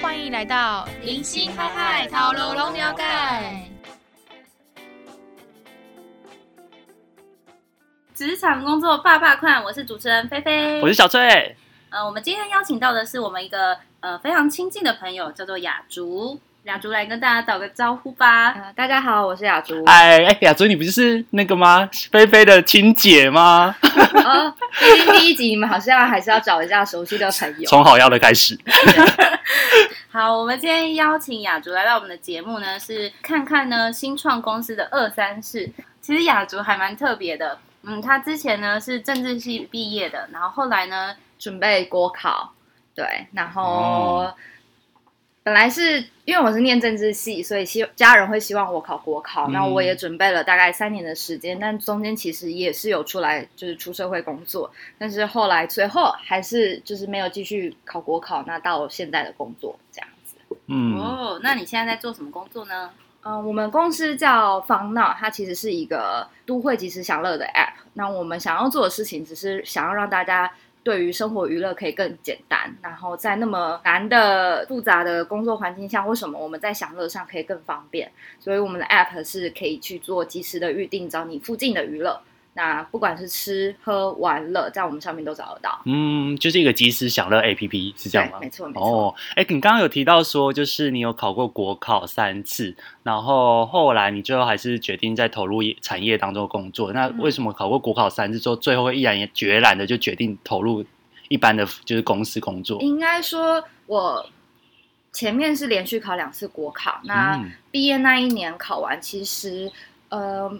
歡迎來到林心海海套路龍了解，職場工作霸霸快，我是主持人菲菲，我是小翠。呃，我們今天邀請到的是我們一個呃非常親近的朋友，叫做雅築。雅築來跟大家打個招呼吧。呃，大家好，我是雅築。哎哎，雅築，你不就是，是那個嗎？菲菲的親姐嗎？啊、呃，最近第一集你們好像還是要找一下熟悉的朋友，從好要的開始。 好，我們今天邀請雅築來到我們的節目呢，是看看呢新創公司的二三事。其實雅築還蠻特別的，嗯，她之前呢是政治系畢業的，然後後來呢準備國考，對，然後。Oh. 本來是因為我是念政治系，所以希家人會希望我考國考，嗯。那我也準備了大概三年的時間，但中間其實也是有出來，就是出社會工作。但是後來最後還是就是沒有繼續考國考。那到現在的工作這樣子。哦，嗯，oh, 那你現在在做什麼工作呢？嗯、呃，我們公司叫 FunNow，它其實是一個都會即時享樂的 app。那我們想要做的事情，只是想要讓大家。對於生活娛樂可以更簡單，然後在那麼難的複雜的工作環境下，為什麼我們在享樂上可以更方便？所以我們的 App 是可以去做即時的預定，找你附近的娛樂。那不管是吃喝玩樂，在我們上面都找得到。嗯，就是一個即時享樂 A P P 是這樣嗎？對，沒錯，沒錯。哦，哎、欸，你剛剛有提到說，就是你有考過國考三次，然後後來你最後還是決定在投入產業當中工作。那為什麼考過國考三次之後，嗯、最後會毅然也決然的就決定投入一般的，就是公司工作？應該說，我前面是連續考兩次國考，嗯、那畢業那一年考完，其實，呃。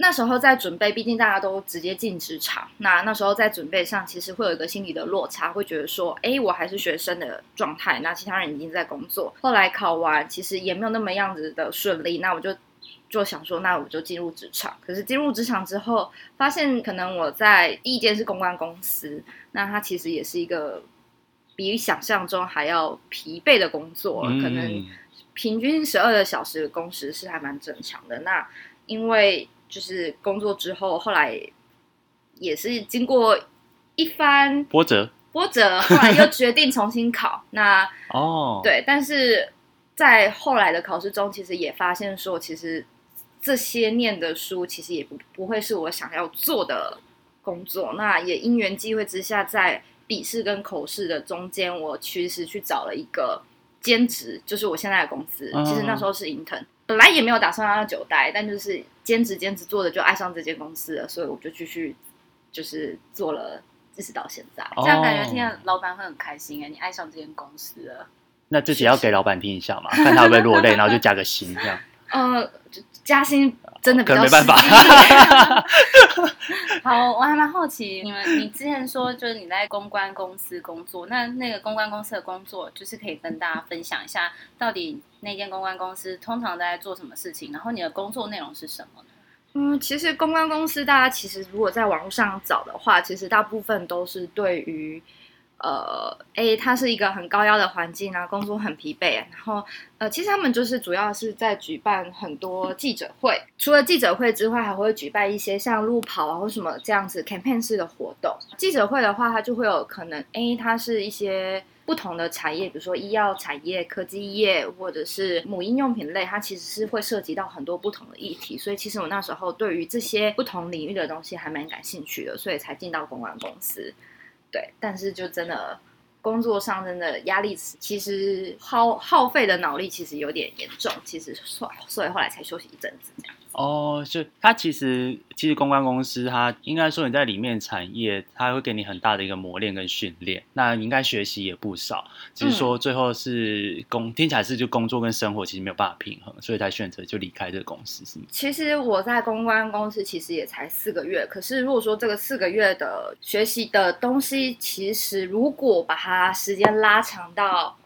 那時候在準備，畢竟大家都直接進職場。那那時候在準備上，其實會有一個心理的落差，會覺得說：“誒，我還是學生的狀態。”那其他人已經在工作。後來考完，其實也沒有那麼樣子的順利。那我就就想說，那我就進入職場。可是進入職場之後，發現可能我在第一間是公關公司，那它其實也是一個比想象中還要疲憊的工作，可能平均十二個小時的工時是還蠻正常的。那因為。就是工作之後，後來也是經過一番波折，波折，波折後來又決定重新考。 那哦，對，但是在後來的考試中，其實也發現說，其實這些念的書，其實也不不會是我想要做的工作。那也因緣際會之下，在筆試跟口試的中間，我其實去找了一個兼職，就是我現在的公司。哦，其實那時候是 intern。本來也沒有打算要久待，但就是兼職兼職做的就愛上這間公司了，所以我就繼續就是做了，一直到現在。這樣感覺，聽老闆會很開心哎、欸，你愛上這間公司了，oh.。那自己要給老闆聽一下嘛，看他會不會落淚， 然後就加個薪這樣。 呃，加薪真的比較，可能沒辦法。 好，我還蠻好奇你們，你之前說就是你在公關公司工作，那那個公關公司的工作就是可以跟大家分享一下，到底那間公關公司通常在做什麼事情，然後你的工作內容是什麼呢？嗯，其實公關公司大家其實如果在網絡上找的話，其實大部分都是對於。呃，A，它是一個很高壓的環境啊，工作很疲憊啊。然後，呃，其實他們就是主要是在舉辦很多記者會，除了記者會之外，還會舉辦一些像路跑啊或什麼這樣子 campaign 式的活動。記者會的話，它就會有可能 A，它是一些不同的產業，比如說醫藥產業、科技業或者是母嬰用品類，它其實是會涉及到很多不同的議題。所以，其實我那時候對於這些不同領域的東西還蠻感興趣的，所以才進到公關公司。對，但是就真的工作上真的壓力，其實耗耗費的腦力其實有點嚴重，其實所所以後來才休息一陣子這樣。哦、oh，就他其實其實公關公司，它應該說你在裡面產業，它會給你很大的一個磨練跟訓練，那你應該學習也不少，只是說最後是工、嗯、聽起來是就工作跟生活其實沒有辦法平衡，所以才選擇就離開這個公司是嗎？其實我在公關公司其實也才四個月，可是如果說這個四個月的學習的東西，其實如果把它時間拉長到。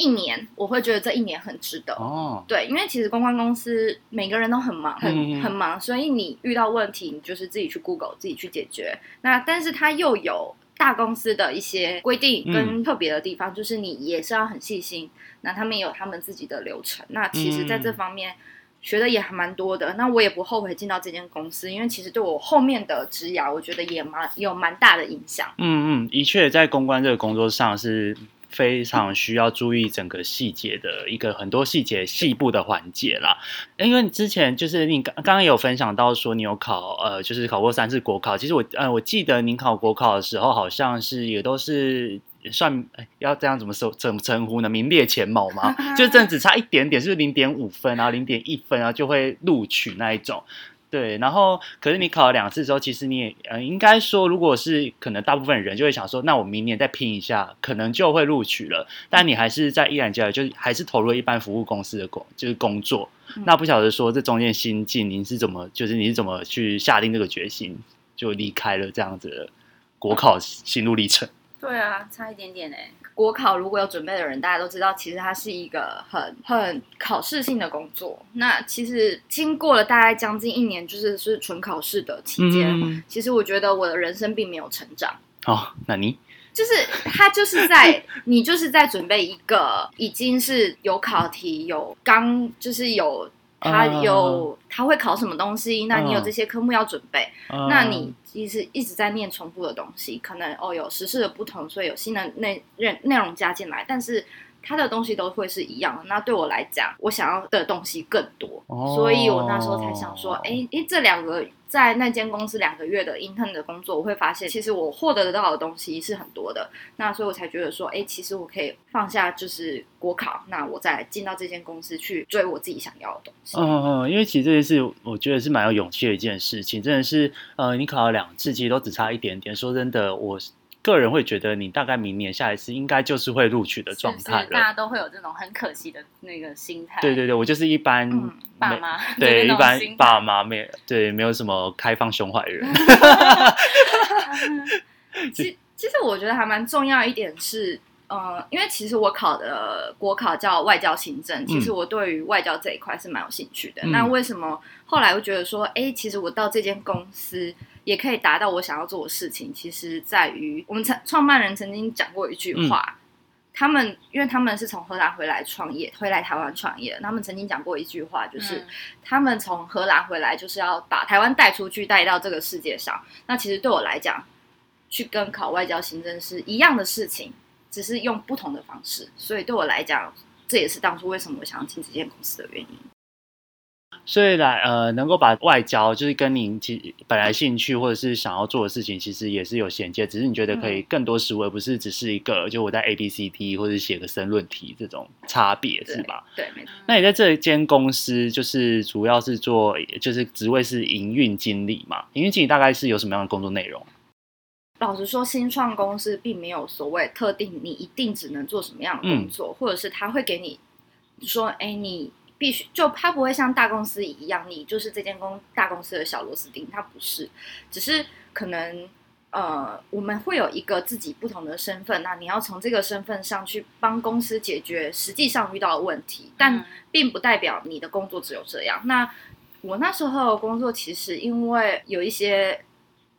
一年，我會覺得這一年很值得哦，對，因為其實公關公司每個人都很忙，嗯、很很忙，所以你遇到問題，你就是自己去 Google，自己去解決。那但是它又有大公司的一些規定跟特別的地方，嗯、就是你也是要很細心。那他們也有他們自己的流程，那其實在這方面學的也還蠻多的。嗯、那我也不後悔進到這間公司，因為其實對我後面的職涯，我覺得也蠻也有蠻大的影響。嗯嗯，的確在公關這個工作上是。非常需要注意整個細節的一個很多細節細部的環節啦，因為你之前就是你剛剛剛有分享到說你有考呃，就是考過三次國考。其實我呃我記得您考國考的時候，好像是也都是算，呃、要這樣怎麼說怎麼稱呼呢？名列前茅嘛，就這樣只差一點點，是不是零點五分啊，零點一分啊就會錄取那一種。對，然後可是你考了兩次之後，其實你也呃，應該說，如果是可能，大部分人就會想說，那我明年再拼一下，可能就會錄取了。但你還是在依然接着就還是投入了一般服務公司的工就是工作。那不曉得說這中間心境，您是怎麼就是你是怎麼去下定這個決心就離開了這樣子的國考的心路歷程、嗯？對啊，差一點點嘞。國考如果有準備的人，大家都知道，其實它是一個很很考試性的工作。那其實經過了大概將近一年，就是是純考試的期間。嗯，其實我覺得我的人生並沒有成長。哦，那你就是他，就是在 你就是在準備一個已經是有考題、有剛就是有。他有，uh, 他會考什麼東西？那你有這些科目要準備。Uh, 那你其實一直在唸重複的東西，uh, 可能，哦，有時事的不同，所以有新的內任內容加進來，但是。他的東西都會是一樣的，那對我來講，我想要的東西更多，oh. 所以，我那時候才想說，哎、欸，因為這兩個在那間公司兩個月的 intern 的工作，我會發現，其實我獲得得到的東西是很多的。那所以，我才覺得說，哎、欸，其實我可以放下就是國考，那我再進到這間公司去追我自己想要的東西。嗯嗯，因為其實這一次，我覺得是蠻有勇氣的一件事情，真的是，呃，你考了兩次，其實都只差一點點。說真的，我。個人會覺得你大概明年下一次應該就是會錄取的狀態了。大家都會有這種很可惜的那個心態。對對對，我就是一般、嗯、爸媽，對那那一般爸媽沒對沒有什麼開放胸懷的人。其實，其實我覺得還蠻重要一點是，嗯、呃，因為其實我考的國考叫外交行政，其實我對於外交這一塊是蠻有興趣的。嗯、那為什麼後來我覺得說，哎，其實我到這間公司？也可以達到我想要做的事情，其實在於我們曾創辦人曾經講過一句話，嗯、他們因為他們是從荷蘭回來創業，回來台灣創業，他們曾經講過一句話，就是、嗯、他們從荷蘭回來，就是要把台灣帶出去，帶到這個世界上。那其實對我來講，去跟考外交行政是一樣的事情，只是用不同的方式。所以對我來講，這也是當初為什麼我想要進這間公司的原因。所以來，呃，能夠把外交就是跟你其本來興趣或者是想要做的事情，其實也是有銜接。只是你覺得可以更多實務，不是只是一個、嗯、就我在 A B C D 或者寫個申論題這種差別，是吧？對，沒錯。那你在這一間公司就是主要是做，就是職位是營運經理嘛？營運經理大概是有什麼樣的工作內容？老實說，新創公司並沒有所謂特定你一定只能做什麼樣的工作，嗯、或者是他會給你說，哎、欸，你。必須就他不會像大公司一樣，你就是這間公大公司的小螺絲釘，他不是，只是可能呃，我們會有一個自己不同的身份，那你要從這個身份上去幫公司解決實際上遇到的問題，但並不代表你的工作只有這樣。嗯、那我那時候工作其實因為有一些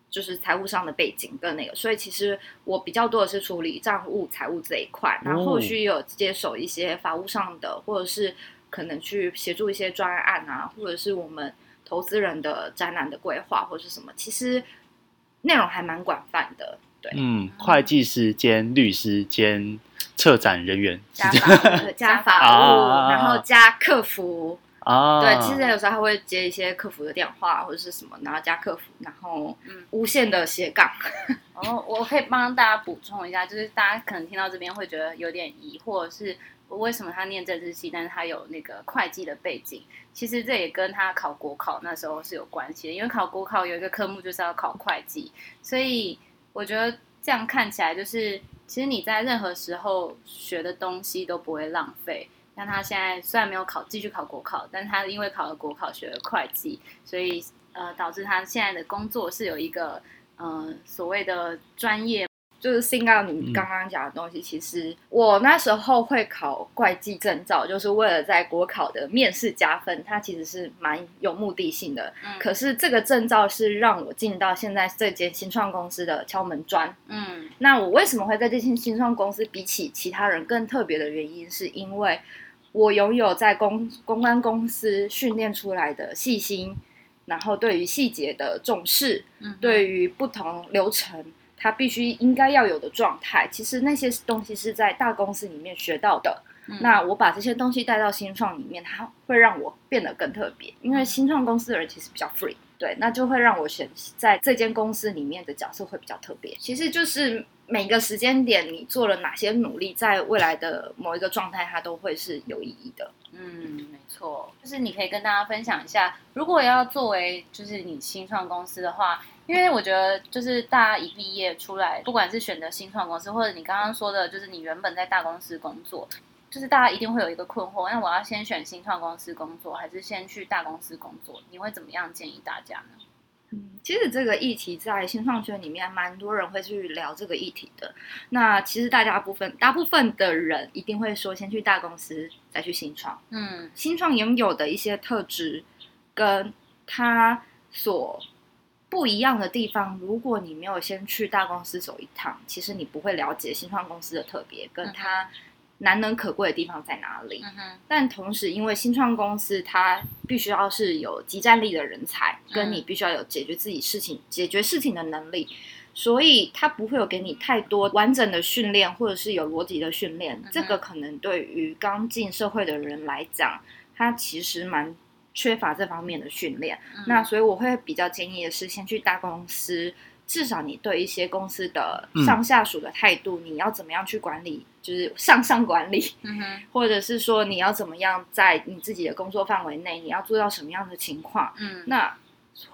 就是財務上的背景跟那個，所以其實我比較多的是處理賬務、財務這一塊，然後後續也有接手一些法務上的、哦、或者是。可能去協助一些專案啊，或者是我們投資人的展覽的規劃，或者是什麼，其實內容還蠻廣泛的，對。嗯，會計師兼律師兼策展人員，加法加法務、啊，然後加客服啊。對，其實有時候還會接一些客服的電話或者是什麼，然後加客服，然後無限的斜槓。嗯、 然後我可以幫大家補充一下，就是大家可能聽到這邊會覺得有點疑惑是。為什麼他念政治系？但是他有那個會計的背景。其實這也跟他考國考那時候是有關係的，因為考國考有一個科目就是要考會計，所以我覺得這樣看起來就是，其實你在任何時候學的東西都不會浪費。像他現在雖然沒有考，繼續考國考，但他因為考了國考學了會計，所以呃導致他現在的工作是有一個嗯、呃、所謂的專業。就是聽到你剛剛講的東西、嗯，其實我那時候會考會計證照，就是為了在國考的面試加分。它其實是蠻有目的性的。嗯。可是這個證照是讓我進到現在這間新創公司的敲門磚。嗯。那我為什麼會在這間新創公司，比起其他人更特別的原因，是因為我擁有在公公關公司訓練出來的細心，然後對於細節的重視，嗯、對於不同流程。他必須應該要有的狀態，其實那些東西是在大公司裡面學到的。嗯、那我把這些東西帶到新創裡面，它會讓我變得更特別，因為新創公司的人其實比較 free，對，那就會讓我選在這間公司裡面的角色會比較特別。其實就是。每個時間點，你做了哪些努力，在未來的某一個狀態，它都會是有意義的。嗯，沒錯，就是你可以跟大家分享一下，如果要作為就是你新創公司的話，因為我覺得就是大家一畢業出來，不管是選擇新創公司，或者你剛剛說的，就是你原本在大公司工作，就是大家一定會有一個困惑，那我要先選新創公司工作，還是先去大公司工作？你會怎麼樣建議大家呢？嗯，其實這個議題在新創圈裡面蠻多人會去聊這個議題的。那其實大家部分，大部分的人一定會說，先去大公司再去新創。嗯，新創擁有的一些特質，跟它所不一樣的地方，如果你沒有先去大公司走一趟，其實你不會了解新創公司的特別，跟它、嗯。難能可貴的地方在哪裡？Uh -huh. 但同時，因為新創公司，它必須要是有即戰力的人才，跟你必須要有解決自己事情、uh -huh. 解決事情的能力，所以它不會有給你太多完整的訓練，或者是有邏輯的訓練。Uh -huh. 這個可能對於剛進社會的人來講，他其實蠻缺乏這方面的訓練。Uh -huh. 那所以我會比較建議的是，先去大公司。至少你對一些公司的上下屬的態度，你要怎麼樣去管理？嗯、就是上上管理、嗯，或者是說你要怎麼樣在你自己的工作範圍內，你要做到什麼樣的情況？嗯，那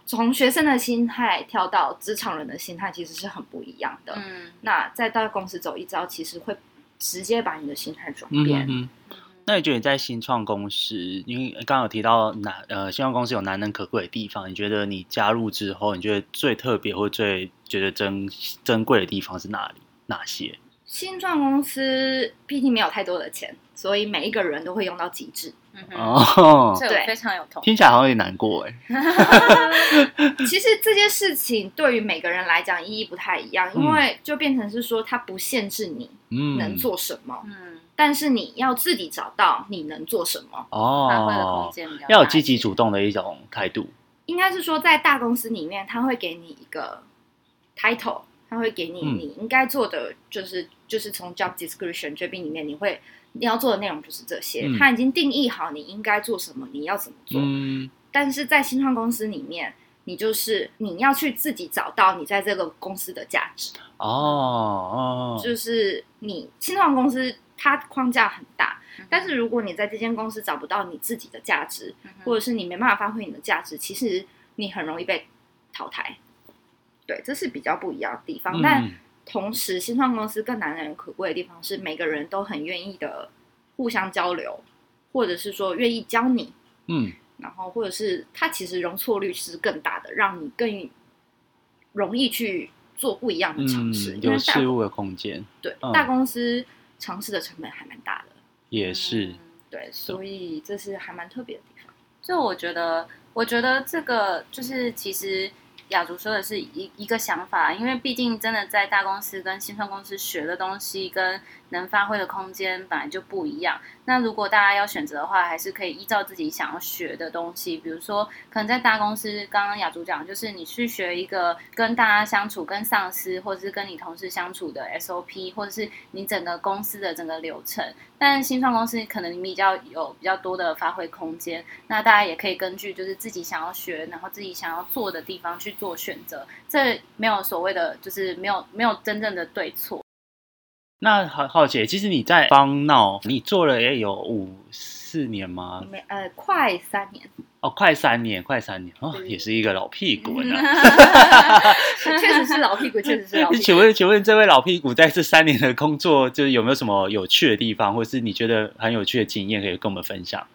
從學生的心態跳到職場人的心態，其實是很不一樣的。嗯，那再到公司走一遭，其實會直接把你的心態轉變。嗯那你覺得你在新創公司，因為剛剛有提到難呃，新創公司有難能可貴的地方。你覺得你加入之後，你覺得最特別或最覺得珍珍貴的地方是哪裡？哪些？新創公司畢竟沒有太多的錢，所以每一個人都會用到極致。哦、嗯，對，非常有同。聽起來好像有點難過哎、欸。 其實這件事情對於每個人來講意義不太一樣，因為就變成是說它不限制你能做什麼。嗯。嗯但是你要自己找到你能做什麼哦，要有積極主動的一種態度。應該是說，在大公司裡面，他會給你一個 title，他會給你你應該做的，就是嗯，就是就是從 job description 這邊裡面，你會你要做的內容就是這些，嗯，他已經定義好你應該做什麼，你要怎麼做，嗯。但是在新創公司裡面，你就是你要去自己找到你在這個公司的價值哦、嗯、哦，就是你新創公司。它框架很大、嗯，但是如果你在這間公司找不到你自己的價值、嗯，或者是你沒辦法發揮你的價值，其實你很容易被淘汰。對，這是比較不一樣的地方。嗯、但同時，新創公司更難能可貴的地方是，每個人都很願意的互相交流，或者是說願意教你。嗯，然後或者是它其實容錯率是更大的，讓你更容易去做不一樣的嘗試，嗯、因為大有試誤的空間。對，嗯、大公司。嘗試的成本還蠻大的，也是、嗯、對，所以這是還蠻特別的地方。就我覺得，我覺得這個就是其實雅築說的是一一個想法，因為畢竟真的在大公司跟新創公司學的東西跟。能發揮的空間本來就不一樣。那如果大家要選擇的話，還是可以依照自己想要學的東西，比如說，可能在大公司，剛剛雅築講，就是你去學一個跟大家相處、跟上司或者是跟你同事相處的 SOP，或者是你整個公司的整個流程。但新創公司可能你比較有比較多的發揮空間，那大家也可以根據就是自己想要學，然後自己想要做的地方去做選擇。這沒有所謂的，就是沒有沒有真正的對錯。那好好姐，其實你在 FunNow，你做了也有五四年嗎？沒，呃，快三年哦，快三年，快三年哦。也是一個老屁股了。 確實是老屁股，確實是老屁股，你請。請問請問，這位老屁股在這三年的工作，就是有沒有什麼有趣的地方，或是你覺得很有趣的經驗可以跟我們分享？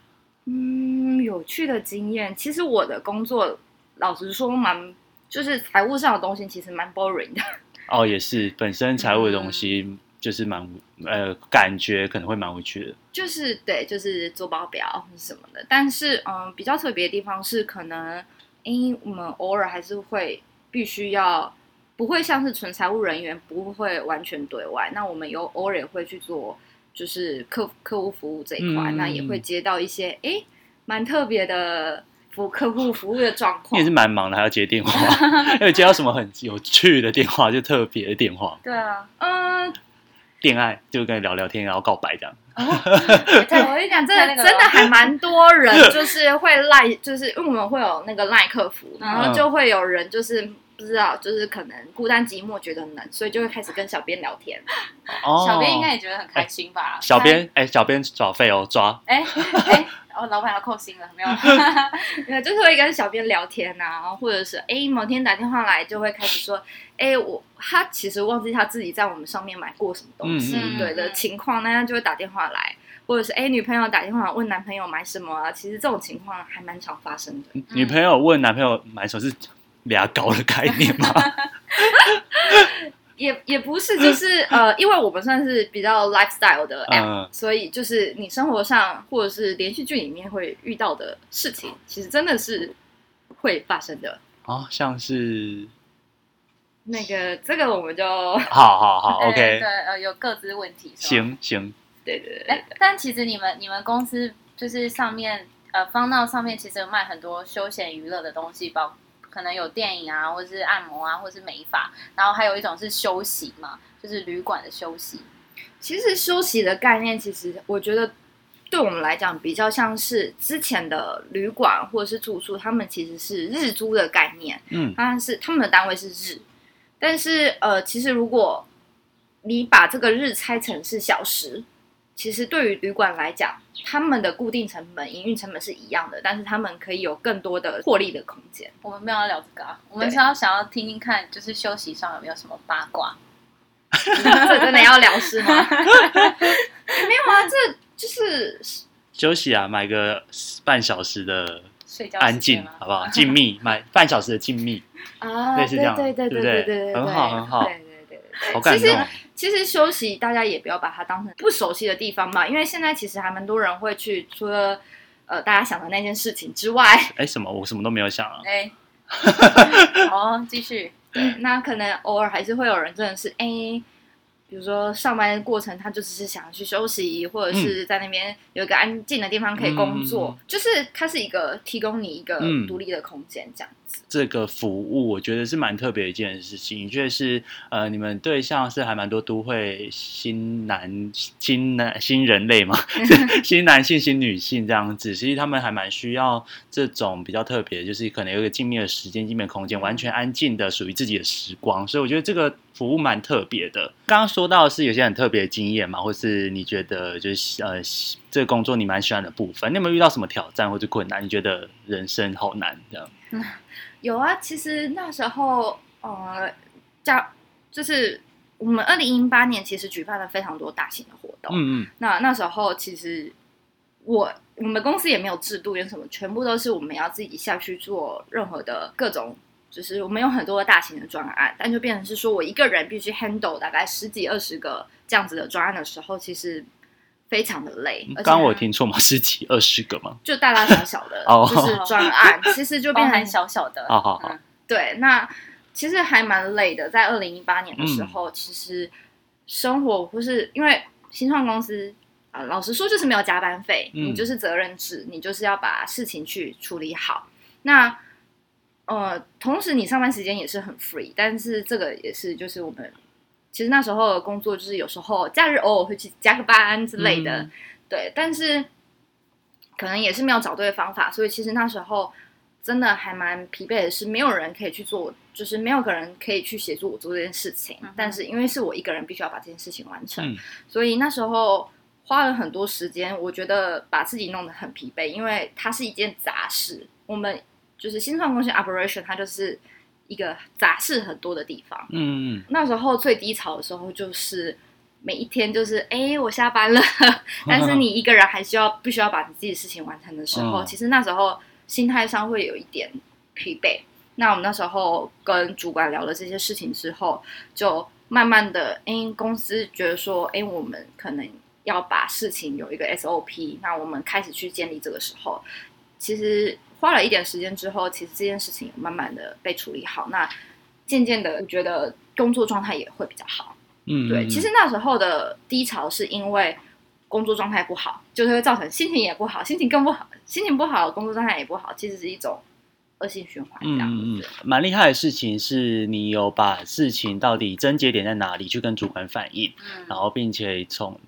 嗯，有趣的經驗，其實我的工作，老實說蠻，蠻就是財務上的東西，其實蠻 boring 的。哦，也是，本身財務的東西。嗯就是蠻呃，感覺可能會蠻有趣的，就是對，就是做報表什麼的。但是嗯，比較特別的地方是，可能誒、欸，我們偶爾還是會必須要，不會像是純財務人員不會完全對外。那我們有偶爾也會去做，就是客客戶服務這一塊、嗯，那也會接到一些誒蠻、欸、特別的服客戶服務的狀況。你也是蠻忙的，還要接電話，還 有接到什麼很有趣的電話，就特別的電話。對啊，嗯。戀愛就跟人聊聊天，然後告白這樣。哦、欸、對我跟你講，真的真的還蠻多人，就是會賴，就是因為我們會有那個賴客服、嗯，然後就會有人就是不知道，就是可能孤單寂寞覺得冷，所以就會開始跟小編聊天。哦、小編應該也覺得很開心吧？小編哎，小編抓費哦，抓。哎、欸、哎，然、欸、哦、老闆要扣薪了沒有？沒有， 就是會跟小編聊天吶、啊，然後或者是哎、欸、某天打電話來，就會開始說哎、欸、我。他其實忘記他自己在我們上面買過什麼東西，嗯嗯對的情況，那他就會打電話來，或者是哎、欸，女朋友打電話問男朋友買什麼啊？其實這種情況還蠻常發生的。女朋友問男朋友買什麼，是比較高的概念嗎？ 也也不是，就是呃，因為我們算是比較 lifestyle 的 app，、嗯、所以就是你生活上或者是連續劇裡面會遇到的事情，其實真的是會發生的啊、哦，像是。那個，這個我們就好好好，OK， 對,對,對,對，okay. 呃，有各自問題。行行，對對對。但其實你們你們公司就是上面呃 FunNow 上面其實有賣很多休閒娛樂的東西，包括可能有電影啊，或是按摩啊，或是美髮，然後還有一種是休息嘛，就是旅館的休息。其實休息的概念，其實我覺得對我們來講比較像是之前的旅館或者是住宿，他們其實是日租的概念，嗯，他們是他們的單位是日。但是，呃，其實如果，你把這個日拆成是小時，其實對於旅館來講，他們的固定成本、營運成本是一樣的，但是他們可以有更多的獲利的空間。我們沒有要聊這個啊，我們想要想要聽聽看，就是休息上有沒有什麼八卦？ 這真的要聊是嗎？ 沒有啊，這就是休息啊，買個半小時的。睡覺安靜，好不好？靜謐， 買半小時的靜謐啊，類似這樣，對對對對對，對對對很好很好，對對對，對，對，對，好。其實其實休息，大家也不要把它當成不熟悉的地方嘛，因為現在其實還蠻多人會去，除了、呃、大家想的那件事情之外，哎，什麼？我什麼都沒有想啊，哎， 好，繼續、嗯。那可能偶爾還是會有人真的是哎。比如說，上班的過程，他就只是想要去休息，或者是在那邊有一個安靜的地方可以工作，嗯，就是它是一個提供你一個獨立的空間這樣。這個服務我覺得是蠻特別的一件事情，就是呃，你們對象是還蠻多都會新男新男新人類嘛， 新男性新女性這樣子，其實他們還蠻需要這種比較特別，就是可能有一個靜謐的時間、靜謐空間，完全安靜的屬於自己的時光。所以我覺得這個服務蠻特別的。剛剛說到是有些很特別的經驗嘛，或是你覺得就是呃，這個工作你蠻喜歡的部分，你有沒有遇到什麼挑戰或者困難？你覺得人生好難這樣？ 有啊，其實那時候，呃，加就是我們二零零八年其實舉辦了非常多大型的活動。嗯嗯，那那時候其實我我們公司也沒有制度，有什麼全部都是我們要自己下去做任何的各種，就是我們有很多大型的專案，但就變成是說我一個人必須 handle 大概十幾二十個這樣子的專案的時候，其實。非常的累，剛我聽錯嗎？十幾二十個嗎？就大大小小的，就是專案，其實就變成小小的。嗯嗯嗯、對，那其實還蠻累的。在二零一八年的時候、嗯，其實生活不是因為新創公司啊、呃，老實說就是沒有加班費，嗯、你就是責任制，你就是要把事情去處理好。那呃，同時你上班時間也是很 free，但是這個也是就是我們。其實那時候工作就是有時候假日偶爾會去加個班之類的、嗯，對，但是可能也是沒有找對方法，所以其實那時候真的還蠻疲憊的，是沒有人可以去做，就是沒有個人可以去協助我做這件事情。嗯、但是因為是我一個人必須要把這件事情完成、嗯，所以那時候花了很多時間，我覺得把自己弄得很疲憊，因為它是一件雜事。我們就是新創公司 operation，它就是。一個雜事很多的地方，嗯，那時候最低潮的時候就是每一天就是哎，我下班了。 但是你一個人還需要必須要把自己的事情完成的時候、嗯，其實那時候心態上會有一點疲憊。那我們那時候跟主管聊了這些事情之後，就慢慢的，因公司覺得說，哎，我們可能要把事情有一個 SOP，那我們開始去建立這個時候，其實。花了一點時間之後，其實這件事情慢慢的被處理好，那漸漸的，覺得工作狀態也會比較好。嗯，對。其實那時候的低潮是因為工作狀態不好，就是會造成心情也不好，心情更不好，心情不好，工作狀態也不好，其實是一種惡性循環這樣。嗯嗯，蠻厲害的事情是，你有把事情到底症結點在哪裡去跟主管反映，嗯，然後並且從。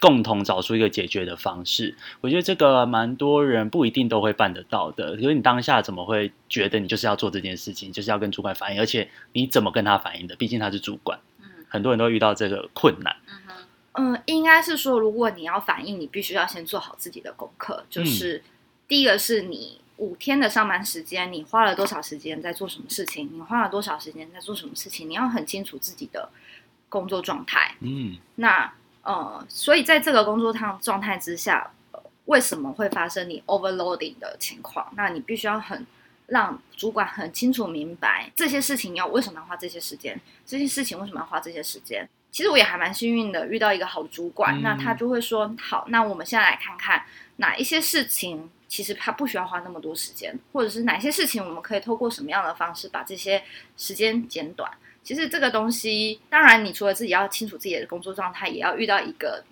共同找出一個解決的方式，我覺得這個蠻多人不一定都會辦得到的。因為你當下怎麼會覺得你就是要做這件事情，就是要跟主管反映？而且你怎麼跟他反映的？畢竟他是主管，嗯，很多人都遇到這個困難。嗯嗯，應該是說，如果你要反映，你必須要先做好自己的功課，就是、嗯、第一個是你五天的上班時間，你花了多少時間在做什麼事情？你花了多少時間在做什麼事情？你要很清楚自己的工作狀態。嗯，那。呃、嗯，所以在這個工作態狀態之下、呃，為什麼會發生你 overloading 的情況？那你必須要很讓主管很清楚明白這些事情要為什麼要花這些時間，這些事情為什麼要花這些時間？其實我也還蠻幸運的，遇到一個好主管，嗯、那他就會說：好，那我們現在來看看哪一些事情其實他不需要花那麼多時間，或者是哪些事情我們可以透過什麼樣的方式把這些時間減短。其實這個東西，當然，你除了自己要清楚自己的工作狀態，也要遇到一個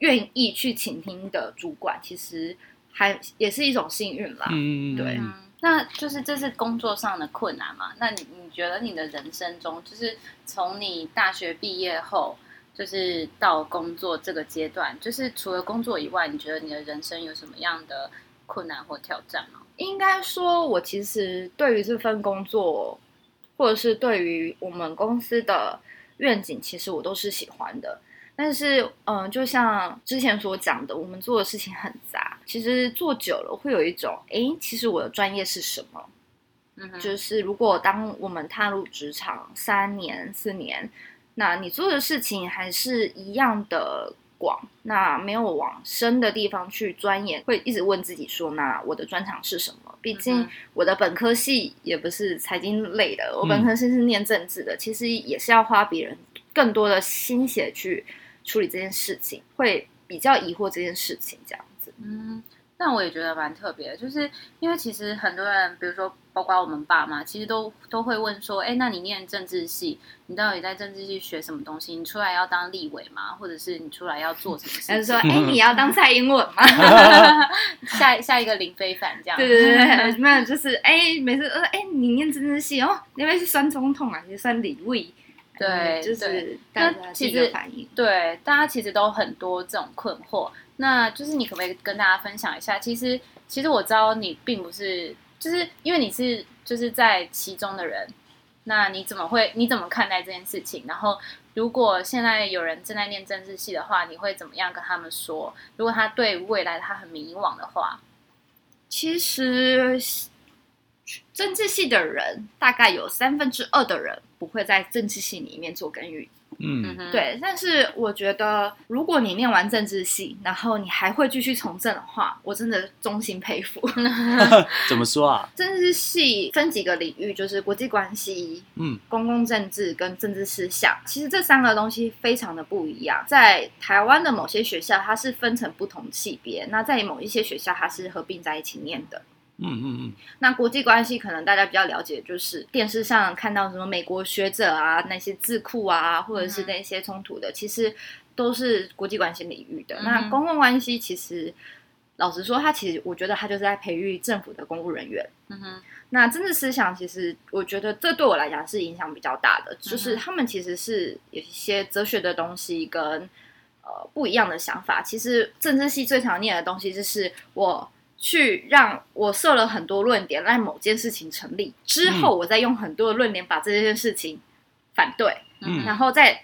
願意去傾聽的主管，其實還也是一種幸運啦。嗯，對，嗯。那就是這是工作上的困難嘛。那你你覺得你的人生中，就是從你大學畢業後，就是到工作這個階段，就是除了工作以外，你覺得你的人生有什麼樣的困難或挑戰嗎？應該說，我其實對於這份工作。或者是對於我們公司的願景，其實我都是喜歡的。但是，嗯、呃，就像之前所講的，我們做的事情很雜，其實做久了會有一種，誒，其實我的專業是什麼？嗯，就是如果當我們踏入職場三年、四年，那你做的事情還是一樣的。廣，那沒有往深的地方去鑽研，會一直問自己說：那我的專長是什麼？畢竟我的本科系也不是財經類的，我本科系是念政治的。嗯，其實也是要花別人更多的心血去處理這件事情，會比較疑惑這件事情這樣子。嗯。但我也覺得蠻特別的，就是因為其實很多人，比如說包括我們爸媽，其實都都會問說：“哎，那你念政治系，你到底在政治系學什麼東西？你出來要當立委嗎？或者是你出來要做什麼事？他就說，哎，你要當蔡英文嗎？ 下下一個林飛帆這樣？對對對，沒有，就是哎，每次呃，哎，你念政治系哦，因為是酸總統啊，是酸立委、嗯，對，就是，那其實反應對，大家其實都很多這種困惑。”那就是你可不可以跟大家分享一下？其實，其實我知道你並不是，就是因為你是就是在其中的人，那你怎麼會？你怎麼看待這件事情？然後，如果現在有人正在念政治系的話，你會怎麼樣跟他們說？如果他對未來他很迷惘的話，其實政治系的人大概有三分之二的人不會在政治系裡面做耕耘。嗯哼，對，但是我覺得，如果你念完政治系，然後你還會繼續從政的話，我真的衷心佩服。怎麼說啊？政治系分幾個領域，就是國際關係、嗯，公共政治跟政治思想。其實這三個東西非常的不一樣。在台灣的某些學校，它是分成不同系別；那在某一些學校，它是合併在一起念的。嗯嗯嗯，那國際關係可能大家比較了解，就是電視上看到什麼美國學者啊，那些智庫啊，或者是那些衝突的，嗯、其實都是國際關係領域的、嗯。那公共關係其實，老實說，他其實我覺得他就是在培育政府的公務人員。嗯哼。那政治思想其實，我覺得這對我來講是影響比較大的、嗯，就是他們其實是有一些哲學的東西跟呃不一樣的想法。其實政治系最常念的東西就是我。去讓我設了很多論點，讓某件事情成立之後，我再用很多的論點把這件事情反對，嗯、然後再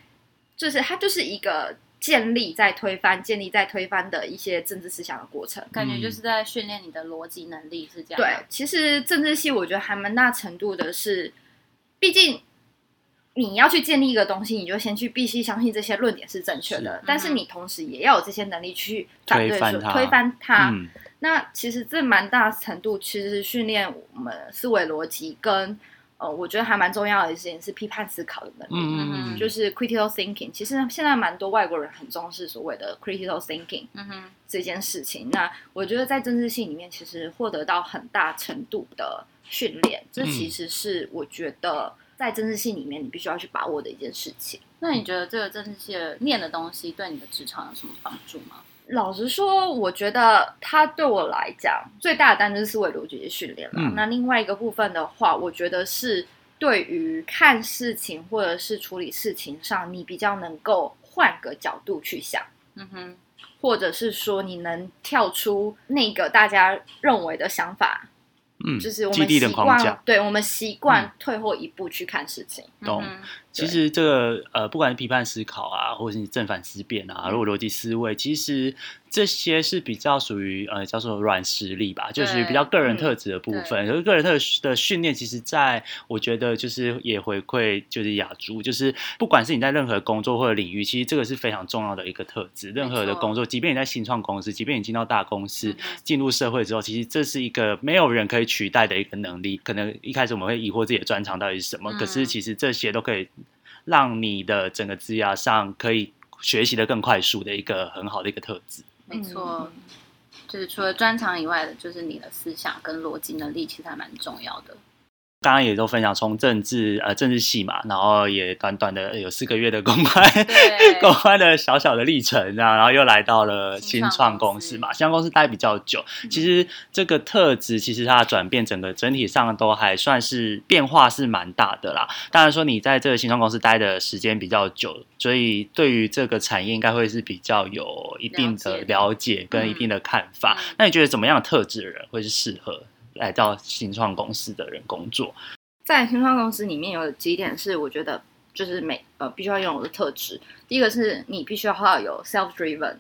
就是它就是一個建立在推翻、建立在推翻的一些政治思想的過程，感覺就是在訓練你的邏輯能力，是這樣的。對，其實政治系我覺得還蠻大程度的是，畢竟你要去建立一個東西，你就先去必須相信這些論點是正確的，是但是你同時也要有這些能力去反對、說，推翻它。那其實這蠻大程度，其實是訓練我們思維邏輯跟，呃，我覺得還蠻重要的一件事是批判思考的能力，嗯哼，就是 critical thinking。其實現在蠻多外國人很重視所謂的 critical thinking 嗯哼，這件事情。那我覺得在政治系裡面，其實獲得到很大程度的訓練，這其實是我覺得在政治系裡面你必須要去把握的一件事情。那你覺得這個政治系念的，的東西對你的職場有什麼幫助嗎？老實說，我覺得它對我來講最大的單就是思維邏輯的訓練了，嗯。那另外一個部分的話，我覺得是對於看事情或者是處理事情上，你比較能夠換個角度去想。嗯哼，或者是說你能跳出那個大家認為的想法，嗯，就是我們習慣地的框架，對，我們習慣退後一步去看事情。嗯。嗯。其實這個呃，不管是批判思考啊，或者是正反思辨啊，如果邏輯思維，其實。這些是比較屬於呃叫做軟實力吧，就是比較個人特質的部分。而個人特質的訓練，其實在我覺得就是也回饋就是雅築，就是不管是你在任何工作或者領域，其實這個是非常重要的一個特質。任何的工作，即便你在新創公司，即便你進到大公司，嗯，進入社會之後，其實這是一個沒有人可以取代的一個能力。可能一開始我們會疑惑自己的專長到底是什麼，嗯、可是其實這些都可以讓你的整個職涯上可以學習得更快速的一個很好的一個特質。沒錯，就是除了專長以外的，就是你的思想跟邏輯能力，其實還蠻重要的。剛剛也都分享從政治呃政治系嘛，然後也短短的、欸、有四個月的公關公關的小小的歷程、啊，然後然後又來到了新創公司嘛，新創公司、嗯、新創公司待比較久，其實這個特質其實它的轉變，整個整體上都還算是變化是蠻大的啦。當然說你在這個新創公司待的時間比較久，所以對於這個產業應該會是比較有一定的了解跟一定的看法。嗯、那你覺得怎麼樣的特質的人會是適合？來到新創公司的人工作，在新創公司裡面有幾點是我覺得就是每呃必須要擁有的特質。第一個是，你必須要有 self driven，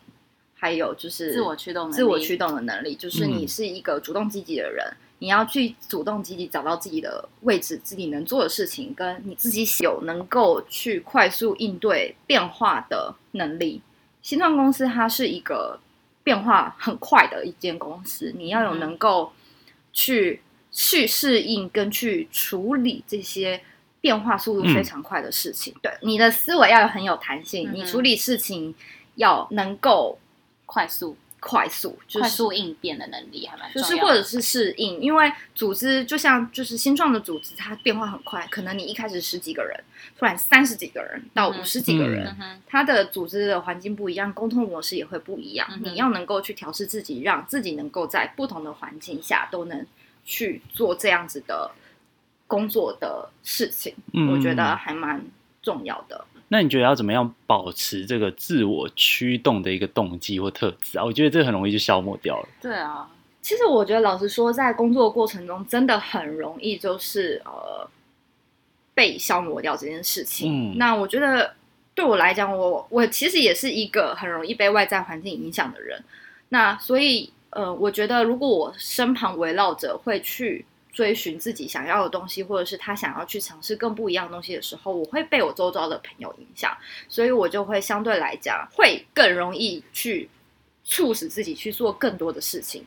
還有就是自我驅動能力、自我驅動的能力，就是你是一個主動積極的人、嗯，你要去主動積極找到自己的位置，自己能做的事情，跟你自己有能夠去快速應對變化的能力。新創公司它是一個變化很快的一間公司、嗯，你要有能夠。去去適應跟去處理這些變化速度非常快的事情、嗯對，對你的思維要有很有彈性，嗯、你處理事情要能夠快速。快速、就是、快速應變的能力還蠻重要的，就是或者是適應，因為組織就像就是新創的組織，它變化很快。可能你一開始十幾個人，突然三十幾個人到五十幾個人，它、嗯、的組織的環境不一樣，溝通模式也會不一樣、嗯。你要能夠去調試自己，讓自己能夠在不同的環境下都能去做這樣子的工作的事情，嗯、我覺得還蠻重要的。那你覺得要怎麼樣保持這個自我驅動的一個動機或特質啊？我覺得這很容易就消磨掉了。對啊，其實我覺得，老實說，在工作過程中，真的很容易就是呃被消磨掉這件事情。嗯，那我覺得對我來講，我我其實也是一個很容易被外在環境影響的人。那所以呃，我覺得如果我身旁圍繞着會去。追尋自己想要的東西，或者是他想要去嘗試更不一樣的東西的時候，我會被我周遭的朋友影響，所以我就會相對來講會更容易去促使自己去做更多的事情。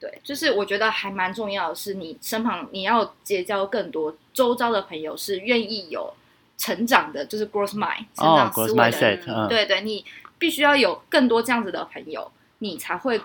對，就是我覺得還蠻重要的是，你身旁你要結交更多周遭的朋友是願意有成長的，就是 growth mind，成長思維的人。Oh, 嗯嗯。對對，你必須要有更多這樣子的朋友，你才會。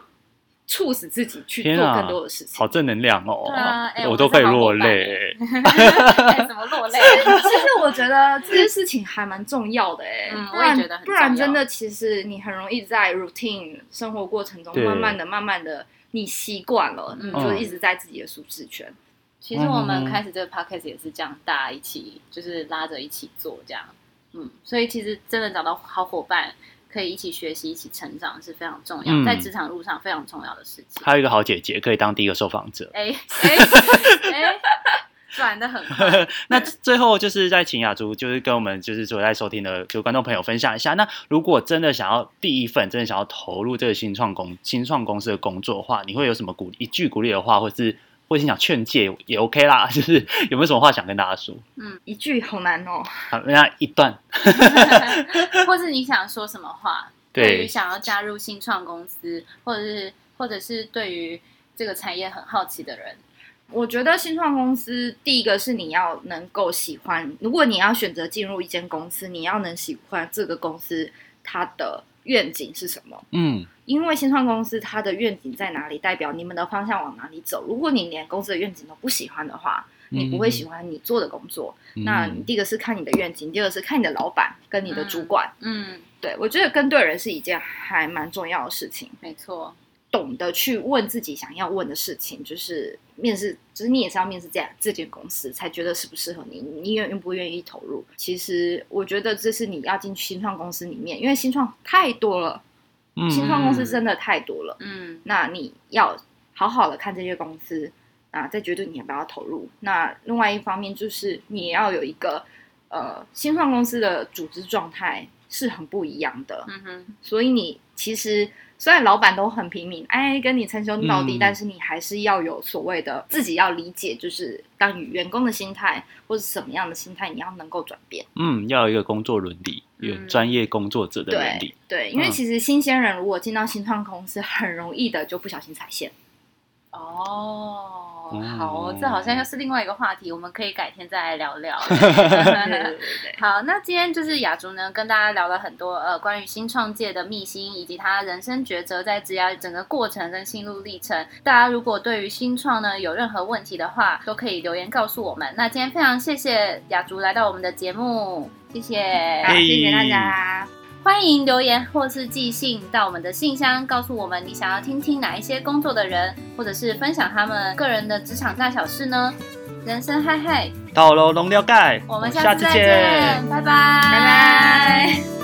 促使自己去做更多的事情，啊、好正能量哦！啊欸、我，我都會落淚。怎、 欸、麼落淚？ 其實我覺得這件事情還蠻重要的哎、嗯，我也覺得很。但不然真的，其實你很容易在 routine 生活過程中，慢慢的、慢慢的，你習慣了，嗯，就一直在自己的舒適圈、嗯。其實我們開始這個 podcast 也是這樣，大家一起就是拉着一起做這樣，嗯，所以其實真的找到好伙伴。可以一起學習，一起成長是非常重要，嗯、在職場路上非常重要的事情。還有一個好姐姐可以當第一個受訪者。哎哎哎，轉、欸、的、 欸、很快。 那最後就是在請雅築，就是跟我們就是所在收聽的就是、觀眾朋友分享一下。那如果真的想要第一份，真的想要投入這個新創公、新創公司的工作的話，你會有什麼鼓一句鼓勵的話，或是？或者你想勸誡也 OK 啦，就是有沒有什麼話想跟大家說？嗯，一句好難哦，人家一,一段， 或者你想說什麼話？對於想要加入新創公司，或者是或者是對於這個產業很好奇的人，我覺得新創公司第一個是你要能夠喜歡。如果你要選擇進入一間公司，你要能喜歡這個公司它的願景是什麼？嗯，因為新創公司它的願景在哪裡，代表你們的方向往哪裡走。如果你連公司的願景都不喜歡的話，你不會喜歡你做的工作。嗯，嗯。那第一個是看你的願景，第二個是看你的老闆跟你的主管。嗯，嗯。對，我覺得跟對人是一件還蠻重要的事情。沒錯。懂得去問自己想要問的事情，就是面試，就是你也是要面試這樣這間公司，才覺得適不適合你，你願不願意投入？其實我覺得這是你要進去新創公司裡面，因為新創太多了，嗯，新創公司真的太多了，嗯，那你要好好的看這些公司，啊，再決定你要不要投入。那另外一方面就是你要有一個，呃，新創公司的組織狀態是很不一樣的，嗯哼，所以你其實。雖然老闆都很平民，哎，跟你稱兄道弟，但是你還是要有所謂的自己要理解，就是當員工的心態或是什麼樣的心態，你要能夠轉變。嗯，要有一個工作倫理，有、嗯、專業工作者的倫理。對，對、嗯，因為其實新鮮人如果進到新創公司，很容易的就不小心踩線。哦、oh, 嗯，好，這好像又是另外一個話題，我們可以改天再來聊聊。 對對對對，好，那今天就是雅築呢，跟大家聊了很多呃，關於新創界的秘辛，以及他人生抉擇在職涯整個過程跟心路歷程。大家如果對於新創呢有任何問題的話，都可以留言告訴我們。那今天非常謝謝雅築來到我們的節目，謝謝，hey. 啊、謝謝大家。歡迎留言或是寄信到我們的信箱，告訴我們你想要聽聽哪一些工作的人，或者是分享他們個人的職場大小事呢？人生嗨嗨，到嘍龍了解，我們下次再見，拜拜，拜拜。